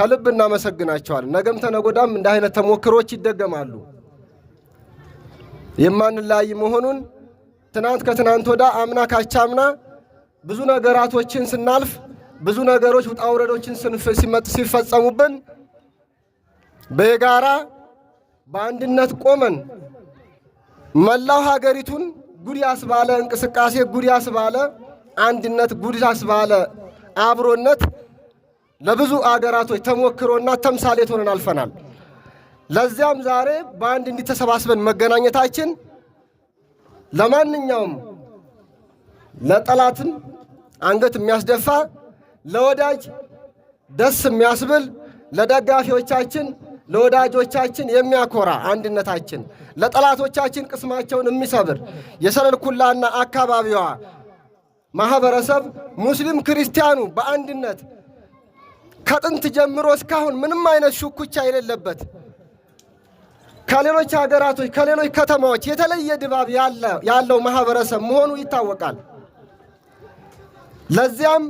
ከልብ እናመሰግናቸዋለን። ነገም ተነጎዳም እንደ አይነት ተሞክሮች ይደገማሉ። የማንለያይ መሆኑን ትናንት ከትናንት ወዳ አምና ካቻምና ብዙ ነገራቶችን ስናልፍ ብዙ ነገሮች ውጣ ውረዶችን ሲፈጸሙብን በጋራ በአንድነት ቆመን መላው ሀገሪቱን ጉድ ያስባለ እንቅስቃሴ ጉድ ያስባለ አንድነት ጉድ ያስባለ አብሮነት ለብዙ አገራቶች ተሞክሮና ተምሳሌት ሆነን አልፈናል። ለዚያም ዛሬ በአንድ እንዲተሰባስበን መገናኘታችን ለማንኛውም ለጠላትም አንገት የሚያስደፋ ለወዳጅ ደስ የሚያስብል ለደጋፊዎቻችን ለወዳጆቻችን የሚያኮራ አንድነታችን ለጠላቶቻችን ቅስማቸውን የሚሰብር የሰለልኩላና ኩላና አካባቢዋ ማህበረሰብ ሙስሊም ክርስቲያኑ በአንድነት ከጥንት ጀምሮ እስካሁን ምንም አይነት ሹኩቻ የሌለበት ከሌሎች ሀገራቶች ከሌሎች ከተማዎች የተለየ ድባብ ያለው ማህበረሰብ መሆኑ ይታወቃል። ለዚያም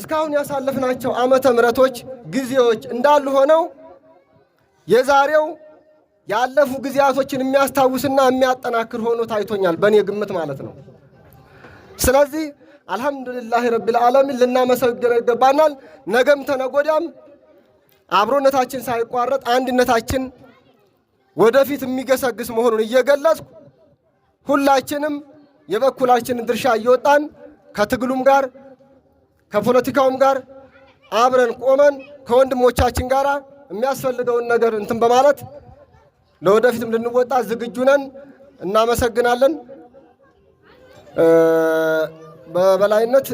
እስካሁን ያሳለፍናቸው ዓመተ ምሕረቶች ጊዜዎች እንዳሉ ሆነው የዛሬው ያለፉ ጊዜያቶችን የሚያስታውስና የሚያጠናክር ሆኖ ታይቶኛል፣ በእኔ ግምት ማለት ነው። ስለዚህ አልሐምዱሊላህ ረቢል ዓለሚን ልናመሰግነው ይገባናል። ነገም ተነጎዳም አብሮነታችን ሳይቋረጥ አንድነታችን ወደፊት የሚገሰግስ መሆኑን እየገለጽኩ ሁላችንም የበኩላችንን ድርሻ እየወጣን ከትግሉም ጋር ከፖለቲካውም ጋር አብረን ቆመን ከወንድሞቻችን ጋር የሚያስፈልገውን ነገር እንትን በማለት ለወደፊትም ልንወጣ ዝግጁ ነን። እናመሰግናለን። በበላይነት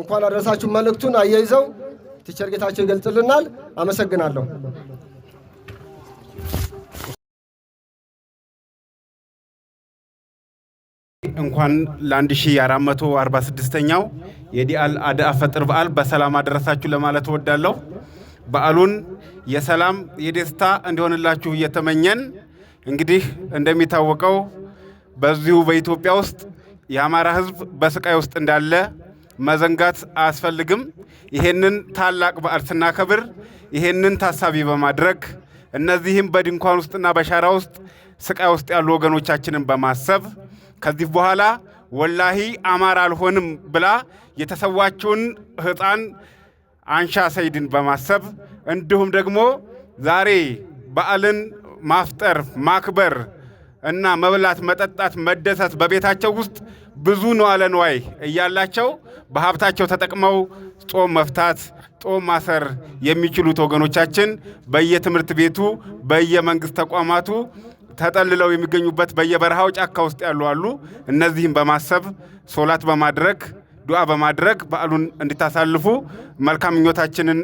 እንኳን አደረሳችሁ መልእክቱን አያይዘው ቲቸር ጌታቸው ይገልጽልናል። አመሰግናለሁ። እንኳን ለ1446ኛው የዲአል አድ አፈጥር በዓል በሰላም አደረሳችሁ ለማለት እወዳለሁ። በዓሉን የሰላም የደስታ እንዲሆንላችሁ እየተመኘን እንግዲህ እንደሚታወቀው በዚሁ በኢትዮጵያ ውስጥ የአማራ ህዝብ በስቃይ ውስጥ እንዳለ መዘንጋት አያስፈልግም። ይሄንን ታላቅ በዓል ስናከብር ይሄንን ታሳቢ በማድረግ እነዚህም በድንኳን ውስጥና በሻራ ውስጥ ስቃይ ውስጥ ያሉ ወገኖቻችንን በማሰብ ከዚህ በኋላ ወላሂ አማራ አልሆንም ብላ የተሰዋችውን ህፃን አንሻ ሰይድን በማሰብ እንዲሁም ደግሞ ዛሬ በዓልን ማፍጠር ማክበር እና መብላት፣ መጠጣት፣ መደሰት በቤታቸው ውስጥ ብዙ መዋለ ንዋይ እያላቸው በሀብታቸው ተጠቅመው ጾም መፍታት፣ ጾም ማሰር የሚችሉት ወገኖቻችን በየትምህርት ቤቱ በየመንግስት ተቋማቱ ተጠልለው የሚገኙበት በየበረሃው ጫካ ውስጥ ያሉ አሉ። እነዚህም በማሰብ ሶላት በማድረግ ዱዓ በማድረግ በዓሉን እንድታሳልፉ መልካም ምኞታችንን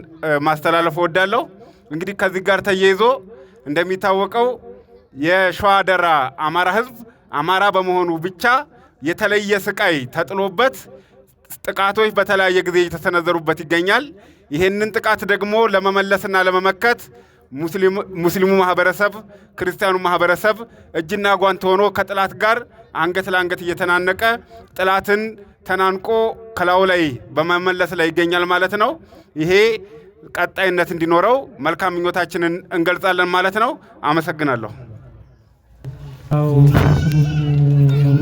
ማስተላለፍ እወዳለሁ። እንግዲህ ከዚህ ጋር ተያይዞ እንደሚታወቀው የሸዋደራ አማራ ህዝብ አማራ በመሆኑ ብቻ የተለየ ስቃይ ተጥሎበት ጥቃቶች በተለያየ ጊዜ እየተሰነዘሩበት ይገኛል። ይህንን ጥቃት ደግሞ ለመመለስና ለመመከት ሙስሊሙ ማህበረሰብ፣ ክርስቲያኑ ማህበረሰብ እጅና ጓንት ሆኖ ከጥላት ጋር አንገት ለአንገት እየተናነቀ ጥላትን ተናንቆ ከላዩ ላይ በመመለስ ላይ ይገኛል ማለት ነው። ይሄ ቀጣይነት እንዲኖረው መልካም ምኞታችንን እንገልጻለን ማለት ነው። አመሰግናለሁ። Tchau.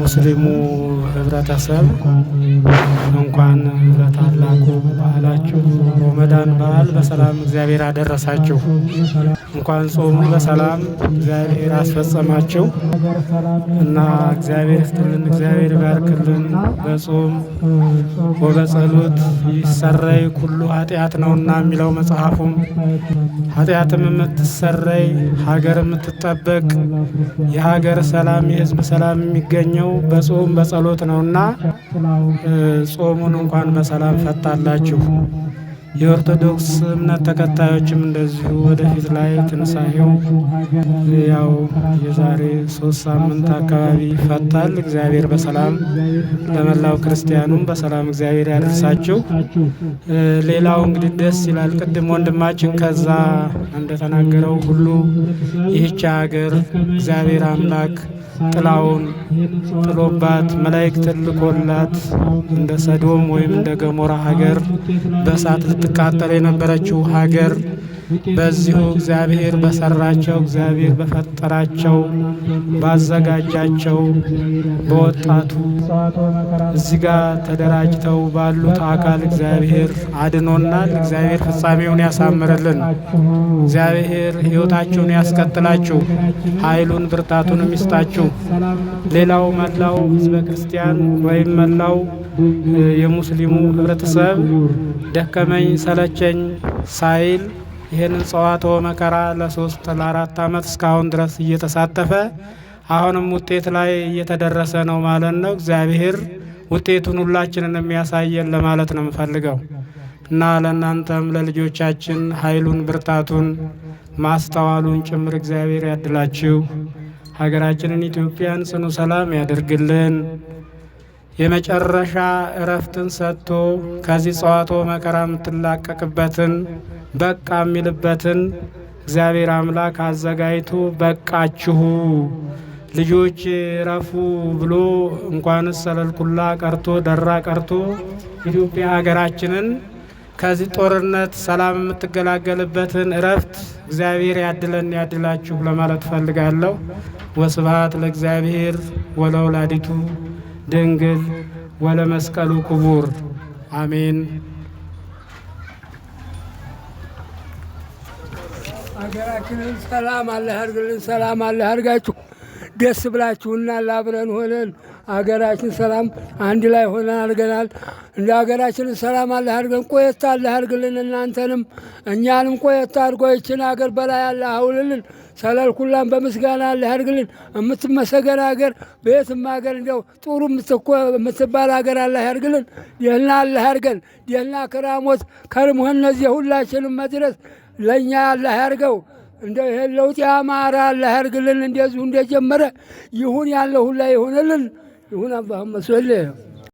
ሙስሊሙ ህብረተሰብ እንኳን ለታላቁ በዓላችሁ ሮመዳን በዓል በሰላም እግዚአብሔር አደረሳችሁ። እንኳን ጾሙ በሰላም እግዚአብሔር አስፈጸማችሁ እና እግዚአብሔር ይስጥልን፣ እግዚአብሔር ይባርክልን። በጾም ወበጸሎት ይሰረይ ኩሉ ኃጢአት ነውና የሚለው መጽሐፉም ኃጢአትም የምትሰረይ ሀገር የምትጠበቅ የሀገር ሰላም የህዝብ ሰላም የሚገኘው በጾም በጸሎት ነውና ጾሙን እንኳን በሰላም ፈታላችሁ። የኦርቶዶክስ እምነት ተከታዮችም እንደዚሁ ወደፊት ላይ ትንሳኤው ያው የዛሬ ሶስት ሳምንት አካባቢ ይፈታል። እግዚአብሔር በሰላም ለመላው ክርስቲያኑም በሰላም እግዚአብሔር ያደርሳችሁ። ሌላው እንግዲህ ደስ ይላል። ቅድም ወንድማችን ከዛ እንደተናገረው ሁሉ ይህች ሀገር እግዚአብሔር አምላክ ጥላውን ጥሎባት መላይክ ትልኮላት እንደ ሰዶም ወይም እንደ ገሞራ ሀገር በሳት ስትቃጠል የነበረችው ሀገር በዚሁ እግዚአብሔር በሰራቸው እግዚአብሔር በፈጠራቸው ባዘጋጃቸው በወጣቱ እዚህ ጋር ተደራጅተው ባሉት አካል እግዚአብሔር አድኖናል። እግዚአብሔር ፍጻሜውን ያሳምርልን። እግዚአብሔር ሕይወታችሁን ያስቀጥላችሁ፣ ኃይሉን ብርታቱንም ይስጣችሁ። ሌላው መላው ሕዝበ ክርስቲያን ወይም መላው የሙስሊሙ ህብረተሰብ ደከመኝ ሰለቸኝ ሳይል ይህንን ጸዋቶ መከራ ለሶስት ለአራት ዓመት እስካሁን ድረስ እየተሳተፈ አሁንም ውጤት ላይ እየተደረሰ ነው ማለት ነው። እግዚአብሔር ውጤቱን ሁላችንን የሚያሳየን ለማለት ነው የምፈልገው እና ለእናንተም ለልጆቻችን ኃይሉን ብርታቱን ማስተዋሉን ጭምር እግዚአብሔር ያድላችሁ። ሀገራችንን ኢትዮጵያን ጽኑ ሰላም ያደርግልን። የመጨረሻ እረፍትን ሰጥቶ ከዚህ ጸዋቶ መከራ የምትላቀቅበትን በቃ የሚልበትን እግዚአብሔር አምላክ አዘጋጅቶ በቃችሁ ልጆች ረፉ ብሎ እንኳንስ ሰለልኩላ ቀርቶ ደራ ቀርቶ ኢትዮጵያ ሀገራችንን ከዚህ ጦርነት ሰላም የምትገላገልበትን እረፍት እግዚአብሔር ያድለን ያድላችሁ ለማለት ፈልጋለሁ። ወስብሐት ለእግዚአብሔር ወለወላዲቱ ድንግል ወለመስቀሉ ክቡር አሜን። አገራችንን ሰላም አለ ያድርግልን። ሰላም አለ ያድርጋችሁ። ደስ ብላችሁና ላብረን ሆነን አገራችን ሰላም አንድ ላይ ሆነን አድርገናል። እንደ አገራችንን ሰላም አለ ያድርገን። ቆየታ አለ ያድርግልን። እናንተንም እኛንም ቆየታ አድርጎ ይችን አገር በላይ አለ አውልልን። ሰለል ሰለልኩላን በምስጋና አላህ ያድርግልን። የምትመሰገን ሀገር በየትም ሀገር እንደው ጥሩ የምትባል ሀገር አላህ ያድርግልን። ደህና አላህ ያድርገን። ደህና ክራሞት ከርምሆን እነዚህ ሁላችንም መድረስ ለእኛ አላህ ያርገው። እንደ ለውጥ ያማራ አላህ ያርግልን። እንደዚሁ እንደጀመረ ይሁን ያለ ሁላ ይሆንልን። ይሁን አላሁመ ሶሊ